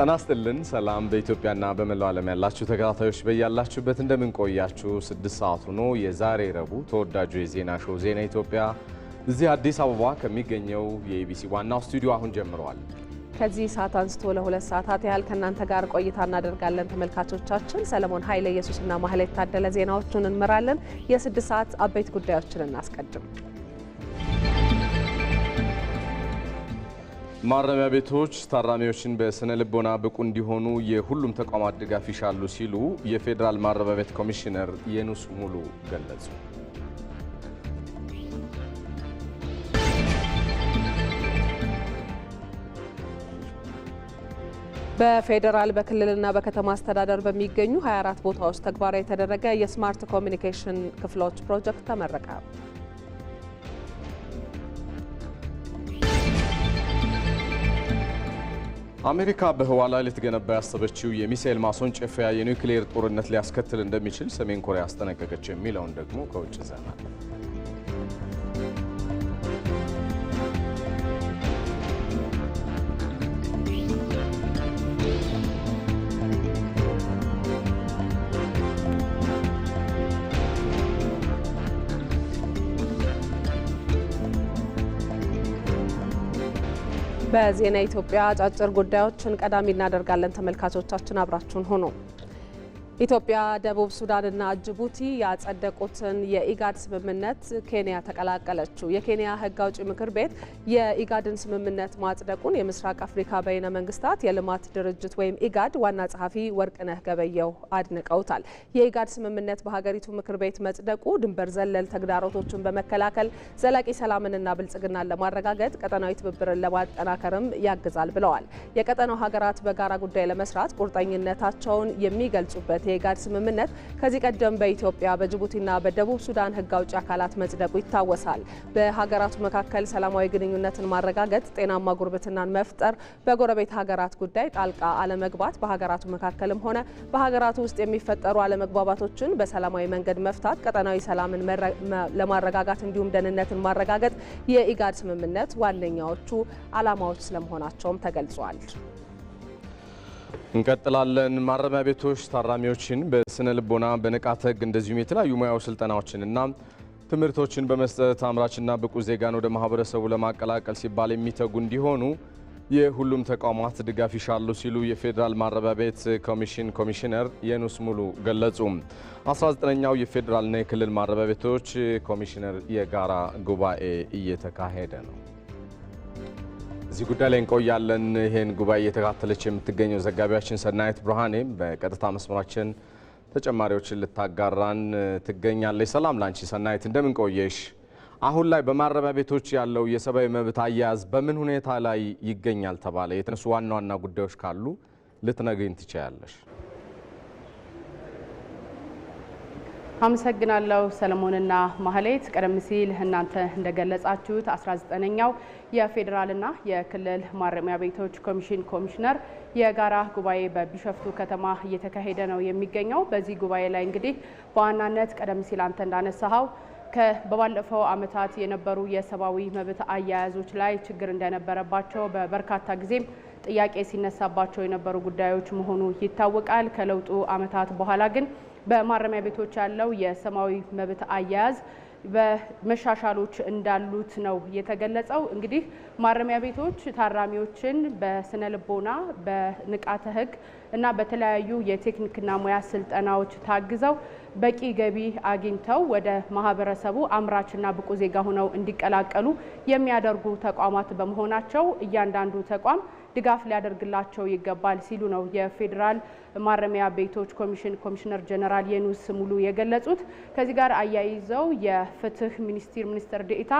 ጤና ይስጥልን። ሰላም በኢትዮጵያና በመላው ዓለም ያላችሁ ተከታታዮች በያላችሁበት እንደምንቆያችሁ ስድስት ሰዓት ሆኖ የዛሬ ረቡዕ ተወዳጁ የዜና ሾው ዜና ኢትዮጵያ እዚህ አዲስ አበባ ከሚገኘው የኢቢሲ ዋናው ስቱዲዮ አሁን ጀምረዋል። ከዚህ ሰዓት አንስቶ ለሁለት ሰዓታት ያህል ከእናንተ ጋር ቆይታ እናደርጋለን ተመልካቾቻችን። ሰለሞን ኃይለ ኢየሱስና ማህሌት ታደለ ዜናዎቹን እንመራለን። የስድስት ሰዓት አበይት ጉዳዮችን እናስቀድም። ማረሚያ ቤቶች ታራሚዎችን በስነ ልቦና ብቁ እንዲሆኑ የሁሉም ተቋማት ድጋፍ ይሻሉ ሲሉ የፌዴራል ማረሚያ ቤት ኮሚሽነር የኑስ ሙሉ ገለጹ። በፌዴራል በክልልና በከተማ አስተዳደር በሚገኙ 24 ቦታዎች ተግባራዊ የተደረገ የስማርት ኮሚኒኬሽን ክፍሎች ፕሮጀክት ተመረቀ። አሜሪካ በህዋ ላይ ልትገነባ ያሰበችው የሚሳኤል ማስወንጨፊያ የኒውክሌር ጦርነት ሊያስከትል እንደሚችል ሰሜን ኮሪያ አስጠነቀቀች። የሚለውን ደግሞ ከውጭ ዘናለን። በዜና ኢትዮጵያ አጫጭር ጉዳዮችን ቀዳሚ እናደርጋለን። ተመልካቾቻችን አብራችሁን ሆኖ ኢትዮጵያ፣ ደቡብ ሱዳንና ጅቡቲ ያጸደቁትን የኢጋድ ስምምነት ኬንያ ተቀላቀለችው። የኬንያ ሕግ አውጪ ምክር ቤት የኢጋድን ስምምነት ማጽደቁን የምስራቅ አፍሪካ በይነ መንግስታት የልማት ድርጅት ወይም ኢጋድ ዋና ጸሐፊ ወርቅነህ ገበየው አድንቀውታል። የኢጋድ ስምምነት በሀገሪቱ ምክር ቤት መጽደቁ ድንበር ዘለል ተግዳሮቶችን በመከላከል ዘላቂ ሰላምንና ብልጽግናን ለማረጋገጥ ቀጠናዊ ትብብርን ለማጠናከርም ያግዛል ብለዋል። የቀጠናው ሀገራት በጋራ ጉዳይ ለመስራት ቁርጠኝነታቸውን የሚገልጹበት የጋድ ስምምነት ከዚህ ቀደም በኢትዮጵያ በጅቡቲና በደቡብ ሱዳን ሕግ አውጪ አካላት መጽደቁ ይታወሳል። በሀገራቱ መካከል ሰላማዊ ግንኙነትን ማረጋገጥ፣ ጤናማ ጉርብትናን መፍጠር፣ በጎረቤት ሀገራት ጉዳይ ጣልቃ አለመግባት፣ በሀገራቱ መካከልም ሆነ በሀገራቱ ውስጥ የሚፈጠሩ አለመግባባቶችን በሰላማዊ መንገድ መፍታት፣ ቀጠናዊ ሰላምን ለማረጋጋት እንዲሁም ደህንነትን ማረጋገጥ የኢጋድ ስምምነት ዋነኛዎቹ ዓላማዎች ስለመሆናቸውም ተገልጿል። እንቀጥላለን። ማረሚያ ቤቶች ታራሚዎችን በስነ ልቦና፣ በንቃተ ህግ እንደዚሁም የተለያዩ ሙያዊ ስልጠናዎችንና ትምህርቶችን በመስጠት አምራችና ብቁ ዜጋን ወደ ማህበረሰቡ ለማቀላቀል ሲባል የሚተጉ እንዲሆኑ የሁሉም ተቋማት ድጋፍ ይሻሉ ሲሉ የፌዴራል ማረሚያ ቤት ኮሚሽን ኮሚሽነር የኑስ ሙሉ ገለጹ። 19ኛው የፌዴራልና የክልል ማረሚያ ቤቶች ኮሚሽነር የጋራ ጉባኤ እየተካሄደ ነው። እዚህ ጉዳይ ላይ እንቆያለን። ይህን ጉባኤ እየተካተለች የምትገኘው ዘጋቢያችን ሰናይት ብርሃኔም በቀጥታ መስመራችን ተጨማሪዎችን ልታጋራን ትገኛለች። ሰላም ላንቺ ሰናይት፣ እንደምን ቆየሽ? አሁን ላይ በማረሚያ ቤቶች ያለው የሰብአዊ መብት አያያዝ በምን ሁኔታ ላይ ይገኛል ተባለ? የተነሱ ዋና ዋና ጉዳዮች ካሉ ልትነግኝ ትችያለሽ? አመሰግናለሁ ሰለሞንና ማህሌት። ቀደም ሲል እናንተ እንደገለጻችሁት 19ኛው የፌዴራልና የክልል ማረሚያ ቤቶች ኮሚሽን ኮሚሽነር የጋራ ጉባኤ በቢሸፍቱ ከተማ እየተካሄደ ነው የሚገኘው። በዚህ ጉባኤ ላይ እንግዲህ በዋናነት ቀደም ሲል አንተ እንዳነሳኸው በባለፈው ዓመታት የነበሩ የሰብአዊ መብት አያያዞች ላይ ችግር እንደነበረባቸው በበርካታ ጊዜም ጥያቄ ሲነሳባቸው የነበሩ ጉዳዮች መሆኑ ይታወቃል። ከለውጡ ዓመታት በኋላ ግን በማረሚያ ቤቶች ያለው የሰብአዊ መብት አያያዝ በመሻሻሎች እንዳሉት ነው የተገለጸው። እንግዲህ ማረሚያ ቤቶች ታራሚዎችን በስነ ልቦና በንቃተ ህግ እና በተለያዩ የቴክኒክና ሙያ ስልጠናዎች ታግዘው በቂ ገቢ አግኝተው ወደ ማህበረሰቡ አምራችና ብቁ ዜጋ ሆነው እንዲቀላቀሉ የሚያደርጉ ተቋማት በመሆናቸው እያንዳንዱ ተቋም ድጋፍ ሊያደርግላቸው ይገባል ሲሉ ነው የፌዴራል ማረሚያ ቤቶች ኮሚሽን ኮሚሽነር ጀነራል የኑስ ሙሉ የገለጹት። ከዚህ ጋር አያይዘው የፍትህ ሚኒስቴር ሚኒስትር ዴኤታ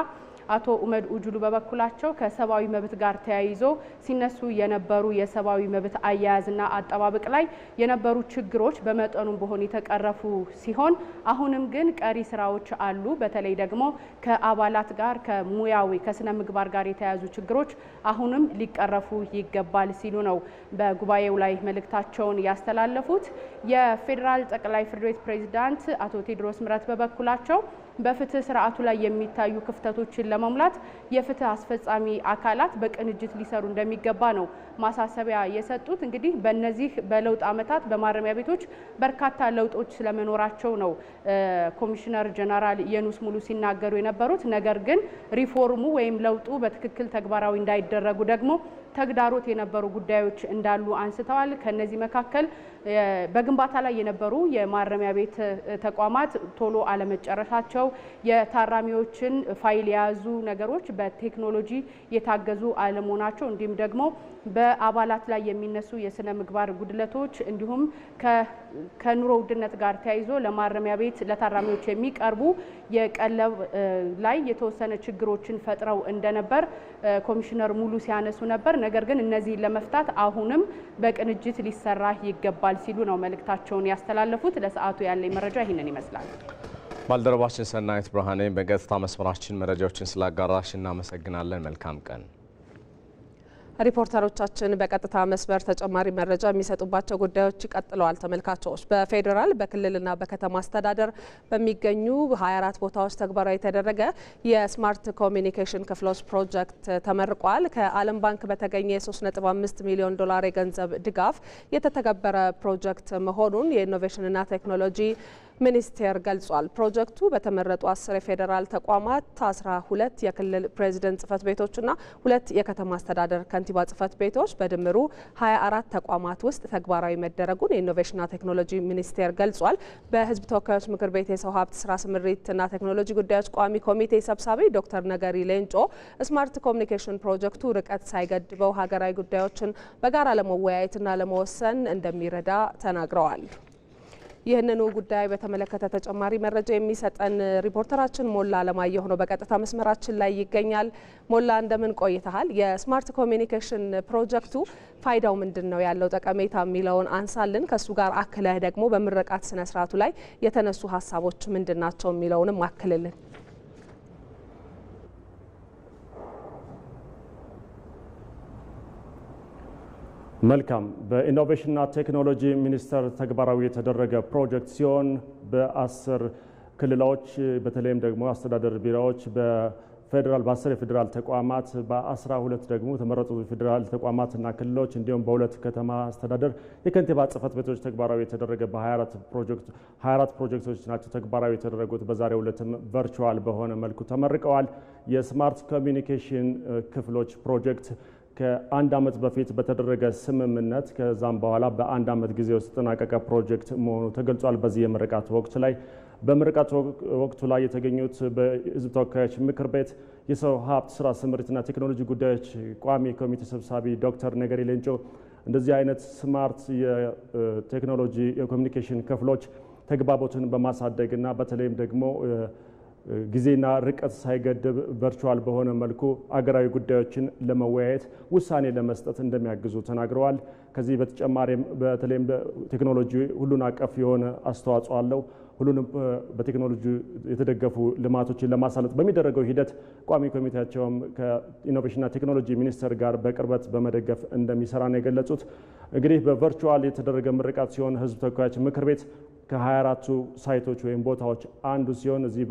አቶ ኡመድ ኡጁሉ በበኩላቸው ከሰብአዊ መብት ጋር ተያይዞ ሲነሱ የነበሩ የሰብአዊ መብት አያያዝና አጠባበቅ ላይ የነበሩ ችግሮች በመጠኑም በሆን የተቀረፉ ሲሆን አሁንም ግን ቀሪ ስራዎች አሉ። በተለይ ደግሞ ከአባላት ጋር ከሙያዊ ከስነ ምግባር ጋር የተያያዙ ችግሮች አሁንም ሊቀረፉ ይገባል ሲሉ ነው በጉባኤው ላይ መልእክታቸውን ያስተላለፉት። የፌዴራል ጠቅላይ ፍርድ ቤት ፕሬዚዳንት አቶ ቴድሮስ ምረት በበኩላቸው በፍትህ ስርዓቱ ላይ የሚታዩ ክፍተቶችን ለመሙላት የፍትህ አስፈጻሚ አካላት በቅንጅት ሊሰሩ እንደሚገባ ነው ማሳሰቢያ የሰጡት። እንግዲህ በእነዚህ በለውጥ አመታት በማረሚያ ቤቶች በርካታ ለውጦች ስለመኖራቸው ነው ኮሚሽነር ጀነራል የኑስ ሙሉ ሲናገሩ የነበሩት። ነገር ግን ሪፎርሙ ወይም ለውጡ በትክክል ተግባራዊ እንዳይደረጉ ደግሞ ተግዳሮት የነበሩ ጉዳዮች እንዳሉ አንስተዋል። ከነዚህ መካከል በግንባታ ላይ የነበሩ የማረሚያ ቤት ተቋማት ቶሎ አለመጨረሻቸው የታራሚዎችን ፋይል የያዙ ነገሮች በቴክኖሎጂ የታገዙ አለመሆናቸው እንዲሁም ደግሞ በአባላት ላይ የሚነሱ የስነ ምግባር ጉድለቶች እንዲሁም ከኑሮ ውድነት ጋር ተያይዞ ለማረሚያ ቤት ለታራሚዎች የሚቀርቡ የቀለብ ላይ የተወሰነ ችግሮችን ፈጥረው እንደነበር ኮሚሽነር ሙሉ ሲያነሱ ነበር። ነገር ግን እነዚህን ለመፍታት አሁንም በቅንጅት ሊሰራ ይገባል ሲሉ ነው መልእክታቸውን ያስተላለፉት። ለሰዓቱ ያለኝ መረጃ ይህንን ይመስላል። ባልደረባችን ሰናይት ብርሃኔ በገጽታ መስመራችን መረጃዎችን ስላጋራሽ እናመሰግናለን። መልካም ቀን ሪፖርተሮቻችን በቀጥታ መስመር ተጨማሪ መረጃ የሚሰጡባቸው ጉዳዮች ይቀጥለዋል ተመልካቾች በፌዴራል በክልልና በከተማ አስተዳደር በሚገኙ 24 ቦታዎች ተግባራዊ የተደረገ የስማርት ኮሚኒኬሽን ክፍሎች ፕሮጀክት ተመርቋል። ከዓለም ባንክ በተገኘ የ3.5 ሚሊዮን ዶላር የገንዘብ ድጋፍ የተተገበረ ፕሮጀክት መሆኑን የኢኖቬሽንና ቴክኖሎጂ ሚኒስቴር ገልጿል። ፕሮጀክቱ በተመረጡ አስር የፌዴራል ተቋማት አስራ ሁለት የክልል ፕሬዚደንት ጽህፈት ቤቶችና ሁለት የከተማ አስተዳደር ከንቲባ ጽህፈት ቤቶች በድምሩ ሀያ አራት ተቋማት ውስጥ ተግባራዊ መደረጉን የኢኖቬሽንና ቴክኖሎጂ ሚኒስቴር ገልጿል። በህዝብ ተወካዮች ምክር ቤት የሰው ሀብት ስራ ስምሪትና ቴክኖሎጂ ጉዳዮች ቋሚ ኮሚቴ ሰብሳቢ ዶክተር ነገሪ ሌንጮ ስማርት ኮሚኒኬሽን ፕሮጀክቱ ርቀት ሳይገድበው ሀገራዊ ጉዳዮችን በጋራ ለመወያየትና ለመወሰን እንደሚረዳ ተናግረዋል። ይህንኑ ጉዳይ በተመለከተ ተጨማሪ መረጃ የሚሰጠን ሪፖርተራችን ሞላ አለማየሁ ነው። በቀጥታ መስመራችን ላይ ይገኛል። ሞላ እንደምን ቆይተሃል? የስማርት ኮሚኒኬሽን ፕሮጀክቱ ፋይዳው ምንድን ነው ያለው ጠቀሜታ የሚለውን አንሳልን። ከእሱ ጋር አክለህ ደግሞ በምረቃት ስነስርዓቱ ላይ የተነሱ ሀሳቦች ምንድን ናቸው የሚለውንም አክልልን። መልካም። በኢኖቬሽንና ቴክኖሎጂ ሚኒስቴር ተግባራዊ የተደረገ ፕሮጀክት ሲሆን በአስር ክልሎች በተለይም ደግሞ አስተዳደር ቢሮዎች በፌዴራል በአስር የፌዴራል ተቋማት በአስራ ሁለት ደግሞ የተመረጡ የፌዴራል ተቋማትና ክልሎች እንዲሁም በሁለት ከተማ አስተዳደር የከንቲባ ጽፈት ቤቶች ተግባራዊ የተደረገ በ24 ፕሮጀክቶች ናቸው ተግባራዊ የተደረጉት። በዛሬው ዕለትም ቨርቹዋል በሆነ መልኩ ተመርቀዋል። የስማርት ኮሚኒኬሽን ክፍሎች ፕሮጀክት ከአንድ ዓመት በፊት በተደረገ ስምምነት ከዛም በኋላ በአንድ ዓመት ጊዜ ውስጥ ተጠናቀቀ ፕሮጀክት መሆኑ ተገልጿል። በዚህ የምርቃት ወቅት ላይ በምርቃት ወቅቱ ላይ የተገኙት በሕዝብ ተወካዮች ምክር ቤት የሰው ሀብት ስራ ስምሪትና ቴክኖሎጂ ጉዳዮች ቋሚ ኮሚቴ ሰብሳቢ ዶክተር ነገሪ ሌንጮ እንደዚህ አይነት ስማርት የቴክኖሎጂ የኮሚኒኬሽን ክፍሎች ተግባቦትን በማሳደግና በተለይም ደግሞ ጊዜና ርቀት ሳይገድብ ቨርቹዋል በሆነ መልኩ አገራዊ ጉዳዮችን ለመወያየት ውሳኔ ለመስጠት እንደሚያግዙ ተናግረዋል። ከዚህ በተጨማሪም በተለይም ቴክኖሎጂ ሁሉን አቀፍ የሆነ አስተዋጽኦ አለው። ሁሉንም በቴክኖሎጂ የተደገፉ ልማቶችን ለማሳለጥ በሚደረገው ሂደት ቋሚ ኮሚቴያቸውም ከኢኖቬሽንና ቴክኖሎጂ ሚኒስቴር ጋር በቅርበት በመደገፍ እንደሚሰራ ነው የገለጹት። እንግዲህ በቨርቹዋል የተደረገ ምርቃት ሲሆን ህዝብ ተወካዮች ምክር ቤት ከ24ቱ ሳይቶች ወይም ቦታዎች አንዱ ሲሆን እዚህ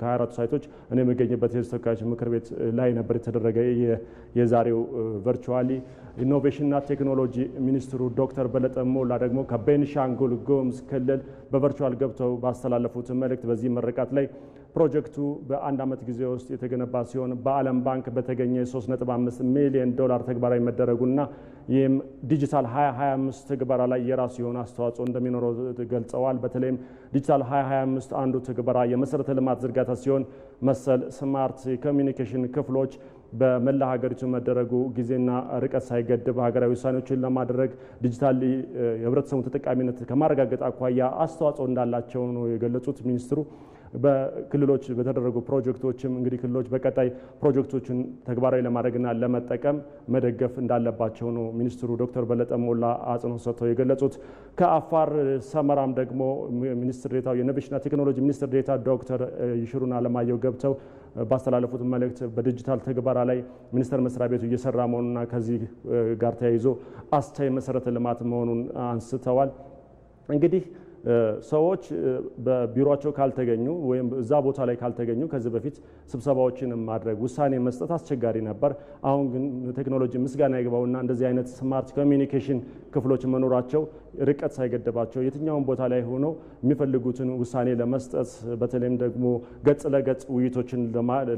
ከ24ቱ ሳይቶች እኔ የሚገኝበት የህዝብ ተወካዮች ምክር ቤት ላይ ነበር የተደረገ የዛሬው ቨርቹዋሊ። ኢኖቬሽንና ቴክኖሎጂ ሚኒስትሩ ዶክተር በለጠ ሞላ ደግሞ ከቤንሻንጉል ጉሙዝ ክልል በቨርቹዋል ገብተው ባስተላለፉት መልእክት በዚህ ምርቃት ላይ ፕሮጀክቱ በአንድ ዓመት ጊዜ ውስጥ የተገነባ ሲሆን በዓለም ባንክ በተገኘ 3.5 ሚሊዮን ዶላር ተግባራዊ መደረጉና ይህም ዲጂታል 2025 ትግበራ ላይ የራሱ የሆነ አስተዋጽኦ እንደሚኖረው ገልጸዋል። በተለይም ዲጂታል 2025 አንዱ ትግበራ የመሰረተ ልማት ዝርጋታ ሲሆን መሰል ስማርት ኮሚኒኬሽን ክፍሎች በመላ ሀገሪቱ መደረጉ ጊዜና ርቀት ሳይገድብ ሀገራዊ ውሳኔዎችን ለማድረግ ዲጂታል የህብረተሰቡ ተጠቃሚነት ከማረጋገጥ አኳያ አስተዋጽኦ እንዳላቸው ነው የገለጹት ሚኒስትሩ። በክልሎች በተደረጉ ፕሮጀክቶችም እንግዲህ ክልሎች በቀጣይ ፕሮጀክቶችን ተግባራዊ ለማድረግና ለመጠቀም መደገፍ እንዳለባቸው ነው ሚኒስትሩ ዶክተር በለጠ ሞላ አጽንኦት ሰጥተው የገለጹት። ከአፋር ሰመራም ደግሞ ሚኒስትር ዴታው የኢኖቬሽንና ቴክኖሎጂ ሚኒስትር ዴታ ዶክተር ይሽሩን አለማየሁ ገብተው ባስተላለፉት መልእክት በዲጂታል ትግበራ ላይ ሚኒስቴር መስሪያ ቤቱ እየሰራ መሆኑና ከዚህ ጋር ተያይዞ አስቻይ መሰረተ ልማት መሆኑን አንስተዋል። እንግዲህ ሰዎች በቢሮቸው ካልተገኙ ወይም እዛ ቦታ ላይ ካልተገኙ ከዚህ በፊት ስብሰባዎችን ማድረግ ውሳኔ መስጠት አስቸጋሪ ነበር። አሁን ግን ቴክኖሎጂ ምስጋና ይግባውና እንደዚህ አይነት ስማርት ኮሚኒኬሽን ክፍሎች መኖራቸው ርቀት ሳይገደባቸው የትኛውን ቦታ ላይ ሆኖ የሚፈልጉትን ውሳኔ ለመስጠት በተለይም ደግሞ ገጽ ለገጽ ውይይቶችን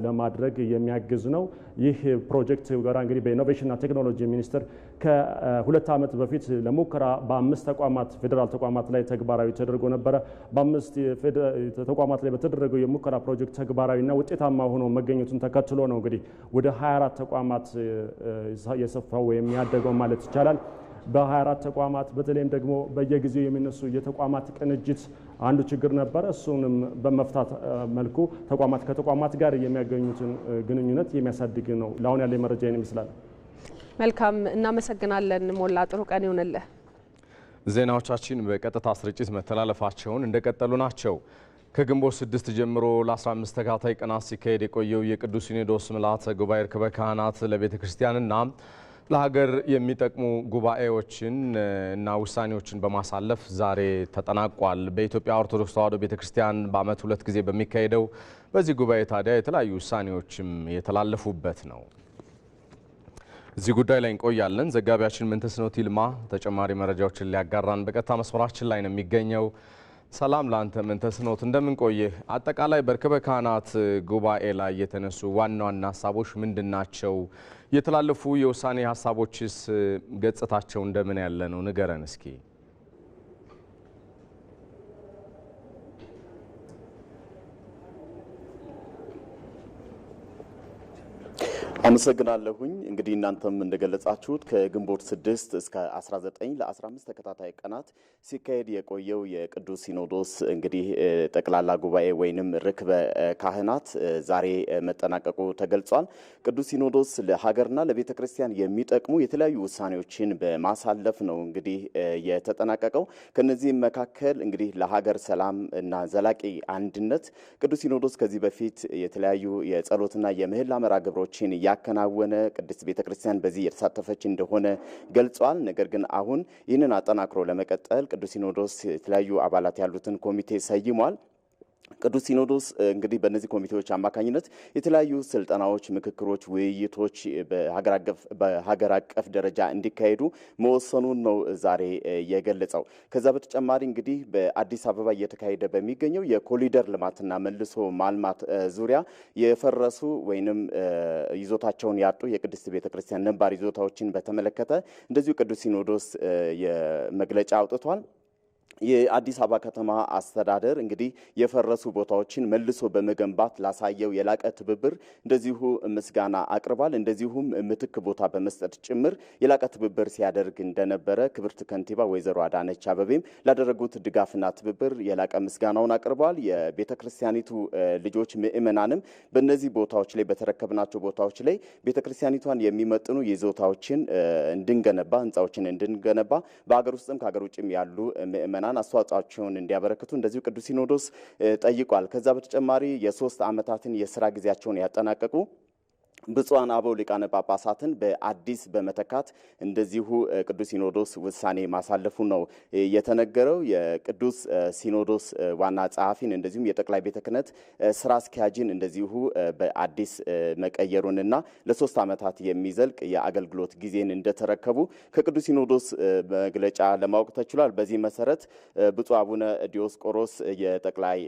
ለማድረግ የሚያግዝ ነው። ይህ ፕሮጀክት ጋራ እንግዲህ በኢኖቬሽንና ቴክኖሎጂ ሚኒስቴር ከሁለት ዓመት በፊት ለሙከራ በአምስት ተቋማት ፌዴራል ተቋማት ላይ ተግባራዊ ተደርጎ ነበረ። በአምስት ተቋማት ላይ በተደረገው የሙከራ ፕሮጀክት ተግባራዊና ውጤታማ ሆኖ መገኘቱን ተከትሎ ነው እንግዲህ ወደ 24 ተቋማት የሰፋው ወይም ያደገው ማለት ይቻላል። በ24 ተቋማት በተለይም ደግሞ በየጊዜው የሚነሱ የተቋማት ቅንጅት አንዱ ችግር ነበረ። እሱንም በመፍታት መልኩ ተቋማት ከተቋማት ጋር የሚያገኙትን ግንኙነት የሚያሳድግ ነው። ለአሁን ያለ መረጃ ይመስላል። መልካም እናመሰግናለን ሞላ፣ ጥሩ ቀን ይሁንልህ። ዜናዎቻችን በቀጥታ ስርጭት መተላለፋቸውን እንደቀጠሉ ናቸው። ከግንቦት ስድስት ጀምሮ ለ15 ተከታታይ ቀናት ሲካሄድ የቆየው የቅዱስ ሲኖዶስ ምልዓተ ጉባኤ ርክበ ካህናት ለቤተ ክርስቲያንና ለሀገር የሚጠቅሙ ጉባኤዎችን እና ውሳኔዎችን በማሳለፍ ዛሬ ተጠናቋል። በኢትዮጵያ ኦርቶዶክስ ተዋሕዶ ቤተ ክርስቲያን በዓመት ሁለት ጊዜ በሚካሄደው በዚህ ጉባኤ ታዲያ የተለያዩ ውሳኔዎችም የተላለፉበት ነው። እዚህ ጉዳይ ላይ እንቆያለን። ዘጋቢያችን ምንተስኖት ይልማ ተጨማሪ መረጃዎችን ሊያጋራን በቀጥታ መስመራችን ላይ ነው የሚገኘው። ሰላም ለአንተ ምንተስኖት፣ እንደምንቆይህ። አጠቃላይ ካህናት ጉባኤ ላይ የተነሱ ዋና ዋና ሀሳቦች ምንድን ናቸው? የተላለፉ የውሳኔ ሀሳቦችስ ገጽታቸው እንደምን ያለ ነው? ንገረን እስኪ። አመሰግናለሁኝ። እንግዲህ እናንተም እንደገለጻችሁት ከግንቦት 6 እስከ 19 ለ15 ተከታታይ ቀናት ሲካሄድ የቆየው የቅዱስ ሲኖዶስ እንግዲህ ጠቅላላ ጉባኤ ወይንም ርክበ ካህናት ዛሬ መጠናቀቁ ተገልጿል። ቅዱስ ሲኖዶስ ለሀገርና ለቤተ ክርስቲያን የሚጠቅሙ የተለያዩ ውሳኔዎችን በማሳለፍ ነው እንግዲህ የተጠናቀቀው። ከነዚህም መካከል እንግዲህ ለሀገር ሰላም እና ዘላቂ አንድነት ቅዱስ ሲኖዶስ ከዚህ በፊት የተለያዩ የጸሎትና የምህላ መራ ግብሮችን እንዳከናወነ ቅድስት ቤተ ክርስቲያን በዚህ እየተሳተፈች እንደሆነ ገልጿል። ነገር ግን አሁን ይህንን አጠናክሮ ለመቀጠል ቅዱስ ሲኖዶስ የተለያዩ አባላት ያሉትን ኮሚቴ ሰይሟል። ቅዱስ ሲኖዶስ እንግዲህ በእነዚህ ኮሚቴዎች አማካኝነት የተለያዩ ስልጠናዎች፣ ምክክሮች፣ ውይይቶች በሀገር አቀፍ ደረጃ እንዲካሄዱ መወሰኑን ነው ዛሬ የገለጸው። ከዛ በተጨማሪ እንግዲህ በአዲስ አበባ እየተካሄደ በሚገኘው የኮሊደር ልማትና መልሶ ማልማት ዙሪያ የፈረሱ ወይንም ይዞታቸውን ያጡ የቅድስት ቤተ ክርስቲያን ነባር ይዞታዎችን በተመለከተ እንደዚሁ ቅዱስ ሲኖዶስ መግለጫ አውጥቷል። የአዲስ አበባ ከተማ አስተዳደር እንግዲህ የፈረሱ ቦታዎችን መልሶ በመገንባት ላሳየው የላቀ ትብብር እንደዚሁ ምስጋና አቅርቧል። እንደዚሁም ምትክ ቦታ በመስጠት ጭምር የላቀ ትብብር ሲያደርግ እንደነበረ ክብርት ከንቲባ ወይዘሮ አዳነች አበቤም ላደረጉት ድጋፍና ትብብር የላቀ ምስጋናውን አቅርበዋል። የቤተ ክርስቲያኒቱ ልጆች ምእመናንም በእነዚህ ቦታዎች ላይ በተረከብናቸው ቦታዎች ላይ ቤተ ክርስቲያኒቷን የሚመጥኑ ይዞታዎችን እንድንገነባ፣ ህንፃዎችን እንድንገነባ በሀገር ውስጥም ከሀገር ውጭም ያሉ ምእመናን ምእመናን አስተዋጽኦአቸውን እንዲያበረክቱ እንደዚሁ ቅዱስ ሲኖዶስ ጠይቋል። ከዛ በተጨማሪ የሶስት ዓመታትን የስራ ጊዜያቸውን ያጠናቀቁ ብፁዓን አበው ሊቃነ ጳጳሳትን በአዲስ በመተካት እንደዚሁ ቅዱስ ሲኖዶስ ውሳኔ ማሳለፉ ነው የተነገረው። የቅዱስ ሲኖዶስ ዋና ጸሐፊን እንደዚሁም የጠቅላይ ቤተ ክህነት ስራ አስኪያጅን እንደዚሁ በአዲስ መቀየሩንና ለሶስት ዓመታት የሚዘልቅ የአገልግሎት ጊዜን እንደተረከቡ ከቅዱስ ሲኖዶስ መግለጫ ለማወቅ ተችሏል። በዚህ መሰረት ብፁዕ አቡነ ዲዮስቆሮስ የጠቅላይ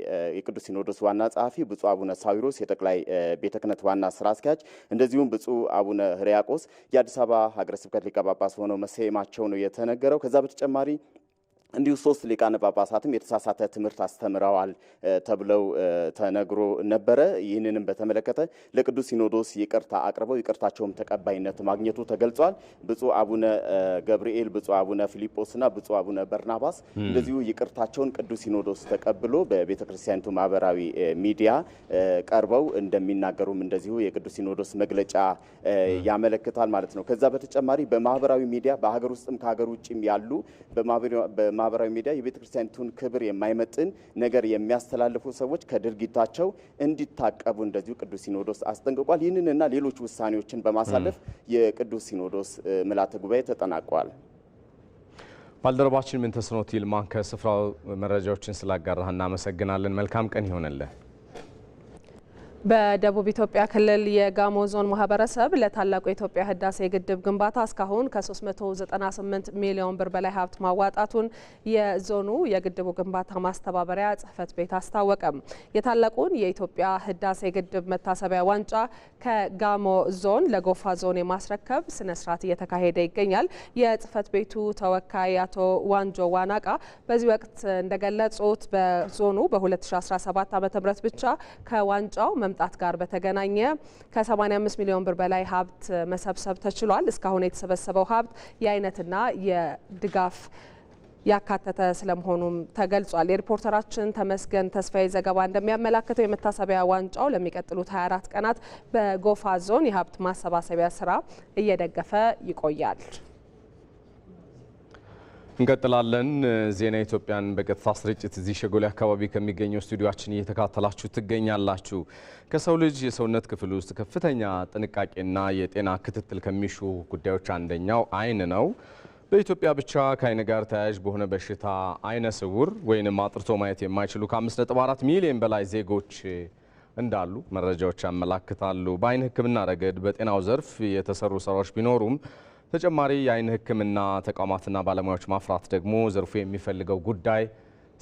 የቅዱስ ሲኖዶስ ዋና ጸሐፊ፣ ብፁዕ አቡነ ሳዊሮስ የጠቅላይ ቤተ ክህነት ዋና ስራ አስኪያጅ እንደዚሁም ብፁዕ አቡነ ሕርያቆስ የአዲስ አበባ ሀገረ ስብከት ሊቀ ጳጳስ ሆነው መሰየማቸው ነው የተነገረው። ከዛ በተጨማሪ እንዲሁ ሶስት ሊቃነ ጳጳሳትም የተሳሳተ ትምህርት አስተምረዋል ተብለው ተነግሮ ነበረ። ይህንንም በተመለከተ ለቅዱስ ሲኖዶስ ይቅርታ አቅርበው ይቅርታቸውም ተቀባይነት ማግኘቱ ተገልጿል። ብፁዕ አቡነ ገብርኤል፣ ብፁዕ አቡነ ፊልጶስና ብፁዕ አቡነ በርናባስ እንደዚሁ ይቅርታቸውን ቅዱስ ሲኖዶስ ተቀብሎ በቤተ ክርስቲያኒቱ ማህበራዊ ሚዲያ ቀርበው እንደሚናገሩም እንደዚሁ የቅዱስ ሲኖዶስ መግለጫ ያመለክታል ማለት ነው። ከዛ በተጨማሪ በማህበራዊ ሚዲያ በሀገር ውስጥም ከሀገር ውጭም ያሉ ማህበራዊ ሚዲያ የቤተ ክርስቲያኒቱን ክብር የማይመጥን ነገር የሚያስተላልፉ ሰዎች ከድርጊታቸው እንዲታቀቡ እንደዚሁ ቅዱስ ሲኖዶስ አስጠንቅቋል። ይህንንና ሌሎች ውሳኔዎችን በማሳለፍ የቅዱስ ሲኖዶስ ምልዓተ ጉባኤ ተጠናቋል። ባልደረባችን ምን ይልማ ከስፍራው መረጃዎችን ስላጋራህ እናመሰግናለን። መልካም ቀን ይሆንልህ። በደቡብ ኢትዮጵያ ክልል የጋሞ ዞን ማህበረሰብ ለታላቁ የኢትዮጵያ ህዳሴ ግድብ ግንባታ እስካሁን ከ398 ሚሊዮን ብር በላይ ሀብት ማዋጣቱን የዞኑ የግድቡ ግንባታ ማስተባበሪያ ጽህፈት ቤት አስታወቀም። የታላቁን የኢትዮጵያ ህዳሴ ግድብ መታሰቢያ ዋንጫ ከጋሞ ዞን ለጎፋ ዞን የማስረከብ ስነ ስርዓት እየተካሄደ ይገኛል። የጽህፈት ቤቱ ተወካይ አቶ ዋንጆ ዋናቃ በዚህ ወቅት እንደገለጹት በዞኑ በ2017 ዓ ም ብቻ ከዋንጫው መምጣት ጋር በተገናኘ ከ85 ሚሊዮን ብር በላይ ሀብት መሰብሰብ ተችሏል። እስካሁን የተሰበሰበው ሀብት የአይነትና የድጋፍ ያካተተ ስለመሆኑም ተገልጿል። የሪፖርተራችን ተመስገን ተስፋዬ ዘገባ እንደሚያመላክተው የመታሰቢያ ዋንጫው ለሚቀጥሉት 24 ቀናት በጎፋ ዞን የሀብት ማሰባሰቢያ ስራ እየደገፈ ይቆያል። እንቀጥላለን። ዜና ኢትዮጵያን በቀጥታ ስርጭት እዚህ ሸጎሌ አካባቢ ከሚገኘው ስቱዲዮችን እየተካተላችሁ ትገኛላችሁ። ከሰው ልጅ የሰውነት ክፍል ውስጥ ከፍተኛ ጥንቃቄና የጤና ክትትል ከሚሹ ጉዳዮች አንደኛው አይን ነው። በኢትዮጵያ ብቻ ከአይን ጋር ተያያዥ በሆነ በሽታ አይነ ስውር ወይንም አጥርቶ ማየት የማይችሉ ከ5.4 ሚሊዮን በላይ ዜጎች እንዳሉ መረጃዎች ያመላክታሉ። በአይን ሕክምና ረገድ በጤናው ዘርፍ የተሰሩ ስራዎች ቢኖሩም ተጨማሪ የአይን ሕክምና ተቋማትና ባለሙያዎች ማፍራት ደግሞ ዘርፉ የሚፈልገው ጉዳይ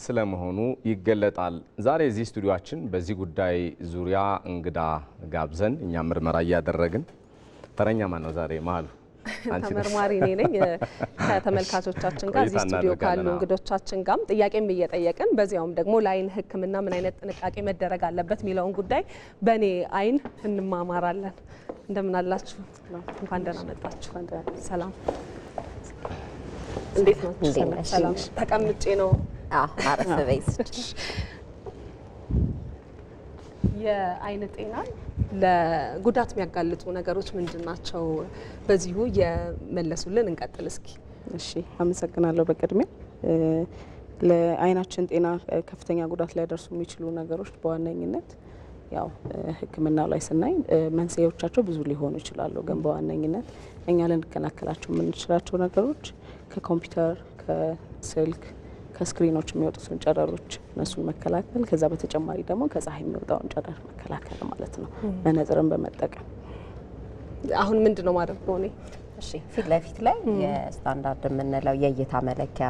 ስለመሆኑ ይገለጣል። ዛሬ እዚህ ስቱዲዮችን በዚህ ጉዳይ ዙሪያ እንግዳ ጋብዘን እኛ ምርመራ እያደረግን ተረኛ ማን ነው ዛሬ መሀሉ? ተመርማሪ እኔ ነኝ። ከተመልካቾቻችን ጋር እዚህ ስቱዲዮ ካሉ እንግዶቻችን ጋርም ጥያቄም እየጠየቅን በዚያውም ደግሞ ለአይን ህክምና ምን አይነት ጥንቃቄ መደረግ አለበት የሚለውን ጉዳይ በእኔ አይን እንማማራለን። እንደምን አላችሁ? እንኳን ደህና መጣችሁ። ሰላም እንዴት ናችሁ? ተቀምጬ ነው። አረፍ በይ። የአይን ጤና ለጉዳት የሚያጋልጡ ነገሮች ምንድን ናቸው? በዚሁ የመለሱልን እንቀጥል እስኪ። እሺ፣ አመሰግናለሁ በቅድሚያ ለአይናችን ጤና ከፍተኛ ጉዳት ሊያደርሱ የሚችሉ ነገሮች በዋነኝነት ያው ሕክምናው ላይ ስናይ መንስኤዎቻቸው ብዙ ሊሆኑ ይችላሉ። ግን በዋነኝነት እኛ ልንከላከላቸው የምንችላቸው ነገሮች ከኮምፒውተር፣ ከስልክ፣ ከስክሪኖች የሚወጡትን ጨረሮች እነሱን መከላከል፣ ከዛ በተጨማሪ ደግሞ ከፀሐይ የሚወጣውን ጨረር መከላከል ማለት ነው፣ መነጽርን በመጠቀም አሁን ምንድን ነው ማድረግ ነው? ፊት ለፊት ላይ የስታንዳርድ የምንለው የእይታ መለኪያ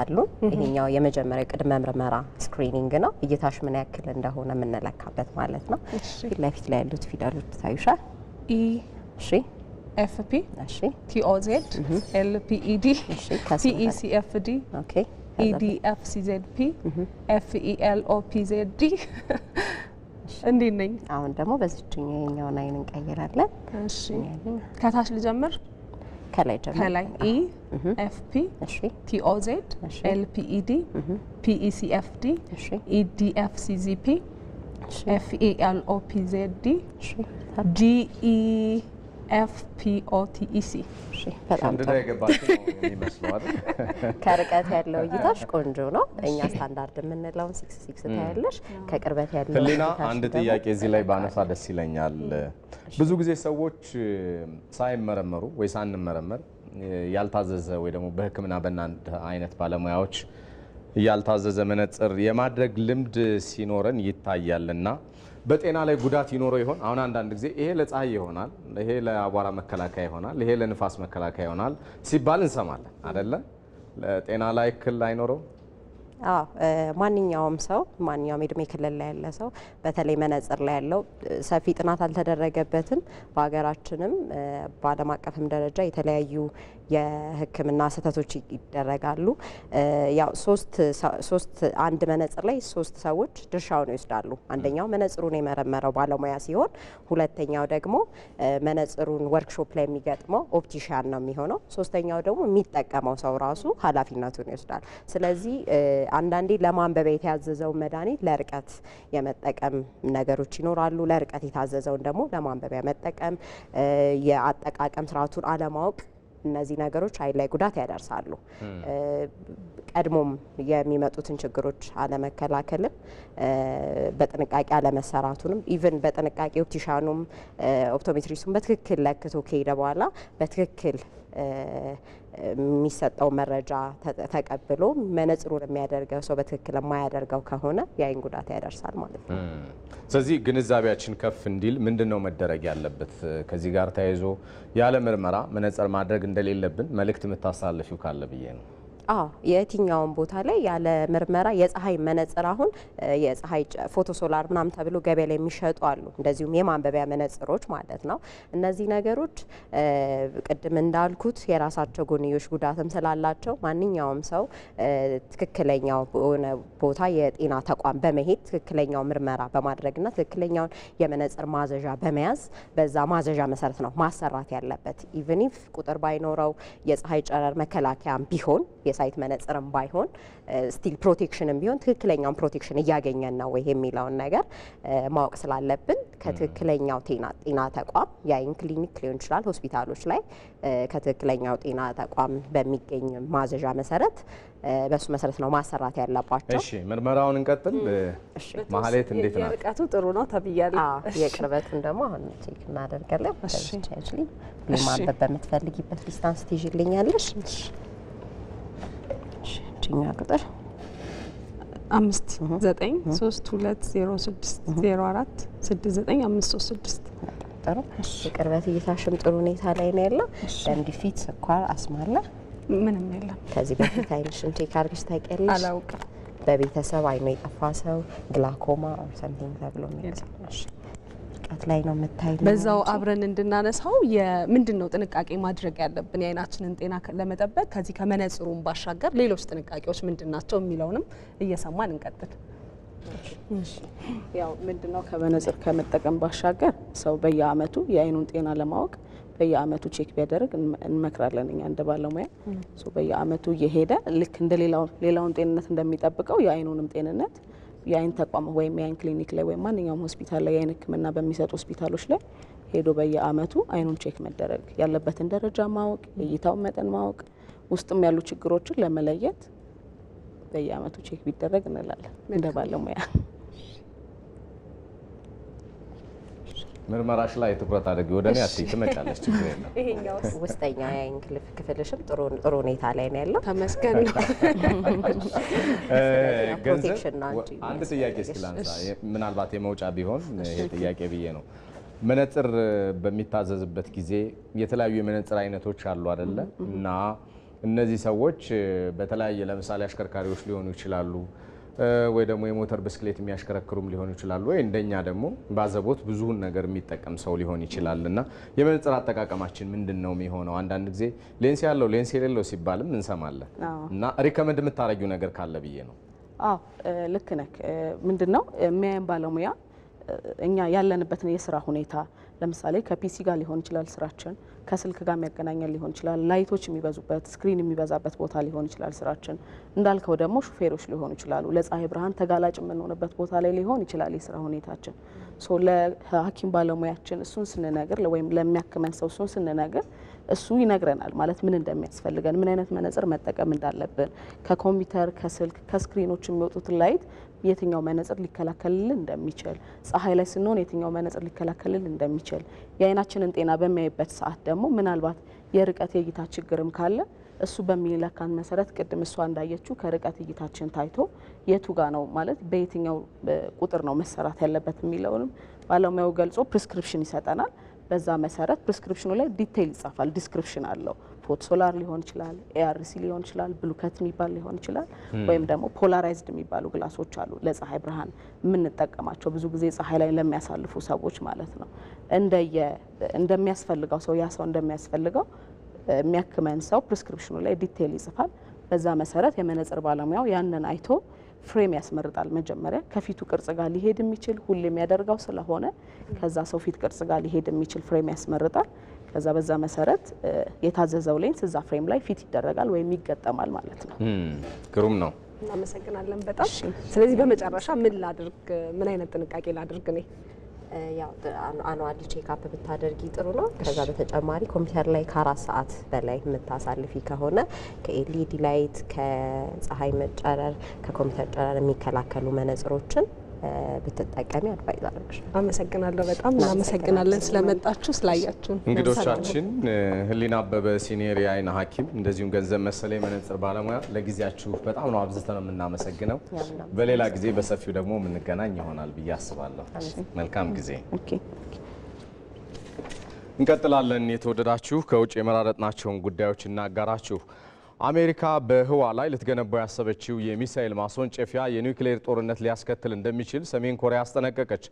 አሉ። ይሄኛው የመጀመሪያ ቅድመ ምርመራ ስክሪኒንግ ነው። እይታሽ ምን ያክል እንደሆነ የምንለካበት ማለት ነው። ፊት ለፊት ላይ ያሉት ፊደሎች ታዩሻል። ኢ እሺ ኤፍፒ እሺ ቲኦዜድ ኤልፒኢዲ ቲኢሲኤፍዲ ኦኬ ዜድ ዲ እንዴት ነኝ? አሁን ደግሞ በዚችኛው የኛውን አይን እንቀይራለን። ከታች ልጀምር። ከላይ ጀምሮ ከላይ ኢ ኤፍ ፒ ቲ ኦ ዜድ ኤል ፒ ኢ ዲ ፒ ኢ ሲ ኤፍ ዲ ኢ ዲ ኤፍ ሲ ዚ ፒ ኤፍ ኤ ኤል ኦ ፒ ዜድ ዲ ጂ ኢ ኤፍፒኦቲኢሲ e ከርቀት ያለው እይታሽ ቆንጆ ነው። እኛ ስታንዳርድ የምንለውን ሲክስ ሲክስ ታያለሽ። ከቅርበት ያለው ህሊና፣ አንድ ጥያቄ እዚህ ላይ ባነሳ ደስ ይለኛል። ብዙ ጊዜ ሰዎች ሳይመረመሩ ወይ ሳንመረመር ያልታዘዘ ወይ ደግሞ በሕክምና በእናንተ አይነት ባለሙያዎች ያልታዘዘ መነጽር የማድረግ ልምድ ሲኖረን ይታያልና በጤና ላይ ጉዳት ይኖረው ይሆን? አሁን አንዳንድ ጊዜ ይሄ ለፀሐይ ይሆናል፣ ይሄ ለአቧራ መከላከያ ይሆናል፣ ይሄ ለንፋስ መከላከያ ይሆናል ሲባል እንሰማለን አደለ? ጤና ላይ እክል አይኖረው? አዎ ማንኛውም ሰው ማንኛውም እድሜ ክልል ላይ ያለ ሰው በተለይ መነጽር ላይ ያለው ሰፊ ጥናት አልተደረገበትም። በሀገራችንም በዓለም አቀፍም ደረጃ የተለያዩ የህክምና ስህተቶች ይደረጋሉ። ያው ሶስት አንድ መነጽር ላይ ሶስት ሰዎች ድርሻውን ይወስዳሉ። አንደኛው መነጽሩን የመረመረው ባለሙያ ሲሆን፣ ሁለተኛው ደግሞ መነጽሩን ወርክሾፕ ላይ የሚገጥመው ኦፕቲሽያን ነው የሚሆነው። ሶስተኛው ደግሞ የሚጠቀመው ሰው ራሱ ኃላፊነቱን ይወስዳል። ስለዚህ አንዳንዴ ለማንበብ የተያዘዘው መድኃኒት ለርቀት የመጠቀም ነገሮች ይኖራሉ። ለርቀት የታዘዘውን ደግሞ ለማንበቢያ መጠቀም የአጠቃቀም ስርዓቱን አለማወቅ እነዚህ ነገሮች አይን ላይ ጉዳት ያደርሳሉ። ቀድሞም የሚመጡትን ችግሮች አለመከላከልም በጥንቃቄ አለመሰራቱንም ኢቨን በጥንቃቄ ኦፕቲሻኑም ኦፕቶሜትሪስቱም በትክክል ለክቶ ከሄደ በኋላ በትክክል የሚሰጠው መረጃ ተቀብሎ መነጽሩን የሚያደርገው ሰው በትክክል የማያደርገው ከሆነ የአይን ጉዳት ያደርሳል ማለት ነው። ስለዚህ ግንዛቤያችን ከፍ እንዲል ምንድን ነው መደረግ ያለበት? ከዚህ ጋር ተያይዞ ያለ ምርመራ መነጽር ማድረግ እንደሌለብን መልእክት የምታሳልፊው ካለ ብዬ ነው። አዎ የትኛውም ቦታ ላይ ያለ ምርመራ የፀሐይ መነጽር አሁን የፀሐይ ፎቶ ሶላር ምናምን ተብሎ ገበያ ላይ የሚሸጡ አሉ። እንደዚሁም የማንበቢያ መነጽሮች ማለት ነው። እነዚህ ነገሮች ቅድም እንዳልኩት የራሳቸው ጎንዮሽ ጉዳትም ስላላቸው ማንኛውም ሰው ትክክለኛው በሆነ ቦታ የጤና ተቋም በመሄድ ትክክለኛው ምርመራ በማድረግና ትክክለኛውን የመነጽር ማዘዣ በመያዝ በዛ ማዘዣ መሰረት ነው ማሰራት ያለበት ኢቨን ኢፍ ቁጥር ባይኖረው የፀሐይ ጨረር መከላከያም ቢሆን የሳይት መነጽርም ባይሆን ስቲል ፕሮቴክሽንም ቢሆን ትክክለኛውን ፕሮቴክሽን እያገኘን ነው ይሄ የሚለውን ነገር ማወቅ ስላለብን ከትክክለኛው ጤና ተቋም የአይን ክሊኒክ ሊሆን ይችላል ሆስፒታሎች ላይ ከትክክለኛው ጤና ተቋም በሚገኝ ማዘዣ መሰረት በእሱ መሰረት ነው ማሰራት ያለባቸው። እሺ፣ ምርመራውን እንቀጥል። ማህሌት እንዴት ናት? ርቀቱ ጥሩ ነው ተብያለሁ። የቅርበቱን ደግሞ አሁን ቼክ እናደርጋለን። ማንበብ በምትፈልጊበት ዲስታንስ ትይዥልኛለሽ። ብቸኛ ቁጥር አምስት ዘጠኝ ሶስት ሁለት ዜሮ ስድስት ዜሮ አራት ስድስት ዘጠኝ አምስት ሶስት ስድስት ጥሩ የቅርበት እይታሽም ጥሩ ሁኔታ ላይ ነው ያለው። ደም ግፊት፣ ስኳር፣ አስም አለ? ምንም የለም። ከዚህ በፊት አይንሽን ቼክ አድርገሽ ታውቂያለሽ? አላውቅም። በቤተሰብ አይኖ የጠፋ ሰው ግላኮማ ኦር ሰምቲንግ ተብሎ የሚያሳሽ ወጣት ላይ ነው የምታይ። በዛው አብረን እንድናነሳው ምንድን ነው ጥንቃቄ ማድረግ ያለብን የአይናችንን ጤና ለመጠበቅ ከዚህ ከመነጽሩን ባሻገር ሌሎች ጥንቃቄዎች ምንድን ናቸው የሚለውንም እየሰማን እንቀጥል። ያው ምንድን ነው ከመነጽር ከመጠቀም ባሻገር ሰው በየአመቱ የአይኑን ጤና ለማወቅ በየአመቱ ቼክ ቢያደርግ እንመክራለን። እኛ እንደ ባለሙያ በየአመቱ እየሄደ ልክ እንደ ሌላውን ጤንነት እንደሚጠብቀው የአይኑንም ጤንነት የአይን ተቋም ወይም የአይን ክሊኒክ ላይ ወይም ማንኛውም ሆስፒታል ላይ የአይን ሕክምና በሚሰጡ ሆስፒታሎች ላይ ሄዶ በየአመቱ አይኑን ቼክ መደረግ ያለበትን ደረጃ ማወቅ፣ እይታውን መጠን ማወቅ፣ ውስጥም ያሉ ችግሮችን ለመለየት በየአመቱ ቼክ ቢደረግ እንላለን እንደ ባለሙያ። ምርመራሽ ላይ ትኩረት አድርጊ። ወደ እኔ አትይ፣ ትመጫለሽ፣ ችግር የለም። ይሄኛው ውስጠኛ የእንቅልፍ ክፍልሽም ጥሩ ሁኔታ ላይ ነው ያለው። ተመስገን ነው። ገንዘብ አንድ ጥያቄ እስኪ ላንሳ፣ ምናልባት የመውጫ ቢሆን ይሄ ጥያቄ ብዬ ነው። መነጽር በሚታዘዝበት ጊዜ የተለያዩ የመነጽር አይነቶች አሉ አይደለ? እና እነዚህ ሰዎች በተለያየ ለምሳሌ አሽከርካሪዎች ሊሆኑ ይችላሉ ወይ ደግሞ የሞተር ብስክሌት የሚያሽከረክሩም ሊሆኑ ይችላሉ። ወይ እንደኛ ደግሞ ባዘቦት ብዙውን ነገር የሚጠቀም ሰው ሊሆን ይችላል እና የመነጽር አጠቃቀማችን ምንድን ነው የሚሆነው? አንዳንድ ጊዜ ሌንስ ያለው ሌንስ የሌለው ሲባልም እንሰማለን እና ሪከመንድ የምታረጊው ነገር ካለ ብዬ ነው። አዎ ልክ ነክ ምንድን ነው የሚያየን ባለሙያ እኛ ያለንበትን የስራ ሁኔታ ለምሳሌ ከፒሲ ጋር ሊሆን ይችላል ስራችን ከስልክ ጋር የሚያገናኘን ሊሆን ይችላል። ላይቶች የሚበዙበት ስክሪን የሚበዛበት ቦታ ሊሆን ይችላል ስራችን። እንዳልከው ደግሞ ሹፌሮች ሊሆኑ ይችላሉ። ለፀሐይ ብርሃን ተጋላጭ የምንሆንበት ቦታ ላይ ሊሆን ይችላል የስራ ሁኔታችን። ለሐኪም ባለሙያችን እሱን ስንነግር ወይም ለሚያክመን ሰው እሱን ስንነግር እሱ ይነግረናል ማለት ምን እንደሚያስፈልገን፣ ምን አይነት መነጽር መጠቀም እንዳለብን ከኮምፒውተር ከስልክ ከስክሪኖች የሚወጡትን ላይት የትኛው መነጽር ሊከላከልልን እንደሚችል፣ ፀሐይ ላይ ስንሆን የትኛው መነጽር ሊከላከልልን እንደሚችል፣ የአይናችንን ጤና በሚያይበት ሰዓት ደግሞ ምናልባት የርቀት የእይታ ችግርም ካለ እሱ በሚለካን መሰረት ቅድም እሷ እንዳየችው ከርቀት እይታችን ታይቶ የቱ ጋ ነው ማለት በየትኛው ቁጥር ነው መሰራት ያለበት የሚለውንም ባለሙያው ገልጾ ፕሪስክሪፕሽን ይሰጠናል። በዛ መሰረት ፕሪስክሪፕሽኑ ላይ ዲቴይል ይጻፋል፣ ዲስክሪፕሽን አለው ፖት ሶላር ሊሆን ይችላል፣ ኤአርሲ ሊሆን ይችላል፣ ብሉከት የሚባል ሊሆን ይችላል። ወይም ደግሞ ፖላራይዝድ የሚባሉ ግላሶች አሉ፣ ለፀሐይ ብርሃን የምንጠቀማቸው ብዙ ጊዜ ፀሐይ ላይ ለሚያሳልፉ ሰዎች ማለት ነው። እንደየ እንደሚያስፈልገው ሰው ያ ሰው እንደሚያስፈልገው የሚያክመን ሰው ፕሪስክሪፕሽኑ ላይ ዲቴይል ይጽፋል። በዛ መሰረት የመነጽር ባለሙያው ያንን አይቶ ፍሬም ያስመርጣል። መጀመሪያ ከፊቱ ቅርጽ ጋር ሊሄድ የሚችል ሁሌ የሚያደርገው ስለሆነ ከዛ ሰው ፊት ቅርጽ ጋር ሊሄድ የሚችል ፍሬም ያስመርጣል። ከዛ በዛ መሰረት የታዘዘው ሌንስ እዛ ፍሬም ላይ ፊት ይደረጋል ወይም ይገጠማል ማለት ነው። ግሩም ነው። እናመሰግናለን በጣም። ስለዚህ በመጨረሻ ምን ላድርግ፣ ምን አይነት ጥንቃቄ ላድርግ እኔ ያው አኗዋሊ ቼክአፕ ብታደርጊ ጥሩ ነው። ከዛ በተጨማሪ ኮምፒውተር ላይ ከአራት ሰዓት በላይ የምታሳልፊ ከሆነ ከኤልኢዲ ላይት፣ ከፀሐይ መጨረር፣ ከኮምፒውተር ጨረር የሚከላከሉ መነጽሮችን ብትጠቀሚ አድቫይዝ አድርግሽ። አመሰግናለሁ። በጣም እናመሰግናለን ስለመጣችሁ ስላያችሁን። እንግዶቻችን ህሊና አበበ ሲኒየር የአይን ሐኪም እንደዚሁም ገንዘብ መሰለ የመነጽር ባለሙያ ለጊዜያችሁ በጣም ነው አብዝተን የምናመሰግነው። በሌላ ጊዜ በሰፊው ደግሞ የምንገናኝ ይሆናል ብዬ አስባለሁ። መልካም ጊዜ። እንቀጥላለን። የተወደዳችሁ ከውጭ የመራረጥናቸውን ጉዳዮች እናጋራችሁ። አሜሪካ በህዋ ላይ ልትገነባው ያሰበችው የሚሳኤል ማስወንጨፊያ የኒውክሌር ጦርነት ሊያስከትል እንደሚችል ሰሜን ኮሪያ አስጠነቀቀች።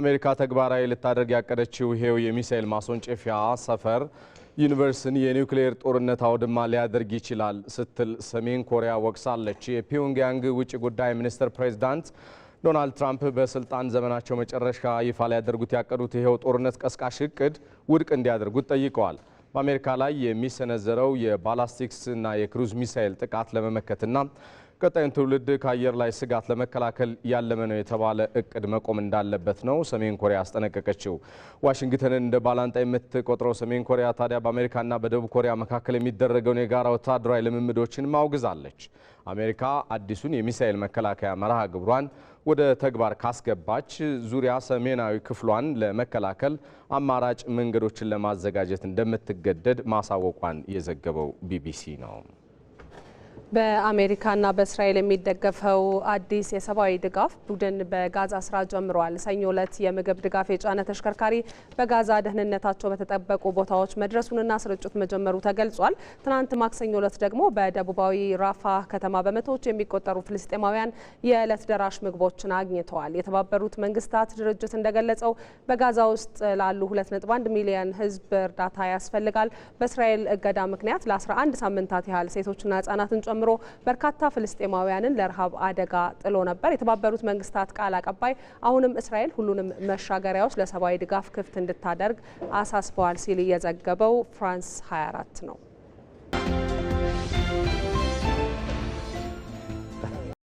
አሜሪካ ተግባራዊ ልታደርግ ያቀደችው ይሄው የሚሳኤል ማስወንጨፊያ ሰፈር ዩኒቨርስን የኒውክሌር ጦርነት አውድማ ሊያደርግ ይችላል ስትል ሰሜን ኮሪያ ወቅሳለች። የፒዮንግያንግ ውጭ ጉዳይ ሚኒስትር ፕሬዚዳንት ዶናልድ ትራምፕ በስልጣን ዘመናቸው መጨረሻ ይፋ ሊያደርጉት ያቀዱት ይሄው ጦርነት ቀስቃሽ እቅድ ውድቅ እንዲያደርጉት ጠይቀዋል። በአሜሪካ ላይ የሚሰነዘረው የባላስቲክስ እና የክሩዝ ሚሳይል ጥቃት ለመመከትና ቀጣዩን ትውልድ ከአየር ላይ ስጋት ለመከላከል ያለመ ነው የተባለ እቅድ መቆም እንዳለበት ነው ሰሜን ኮሪያ አስጠነቀቀችው። ዋሽንግተንን እንደ ባላንጣ የምትቆጥረው ሰሜን ኮሪያ ታዲያ በአሜሪካና በደቡብ ኮሪያ መካከል የሚደረገውን የጋራ ወታደራዊ ልምምዶችን ማውግዛለች። አሜሪካ አዲሱን የሚሳኤል መከላከያ መርሃ ግብሯን ወደ ተግባር ካስገባች ዙሪያ ሰሜናዊ ክፍሏን ለመከላከል አማራጭ መንገዶችን ለማዘጋጀት እንደምትገደድ ማሳወቋን የዘገበው ቢቢሲ ነው። በአሜሪካና በእስራኤል የሚደገፈው አዲስ የሰብአዊ ድጋፍ ቡድን በጋዛ ስራ ጀምረዋል። ሰኞ ዕለት የምግብ ድጋፍ የጫነ ተሽከርካሪ በጋዛ ደህንነታቸው በተጠበቁ ቦታዎች መድረሱንና ስርጭት መጀመሩ ተገልጿል። ትናንት ማክሰኞ ዕለት ደግሞ በደቡባዊ ራፋ ከተማ በመቶዎች የሚቆጠሩ ፍልስጤማውያን የዕለት ደራሽ ምግቦችን አግኝተዋል። የተባበሩት መንግስታት ድርጅት እንደገለጸው በጋዛ ውስጥ ላሉ 2.1 ሚሊዮን ህዝብ እርዳታ ያስፈልጋል። በእስራኤል እገዳ ምክንያት ለ11 ሳምንታት ያህል ሴቶችና ህጻናትን ጨምሮ በርካታ ፍልስጤማውያንን ለረሃብ አደጋ ጥሎ ነበር። የተባበሩት መንግስታት ቃል አቀባይ አሁንም እስራኤል ሁሉንም መሻገሪያዎች ለሰብአዊ ድጋፍ ክፍት እንድታደርግ አሳስበዋል ሲል የዘገበው ፍራንስ 24 ነው።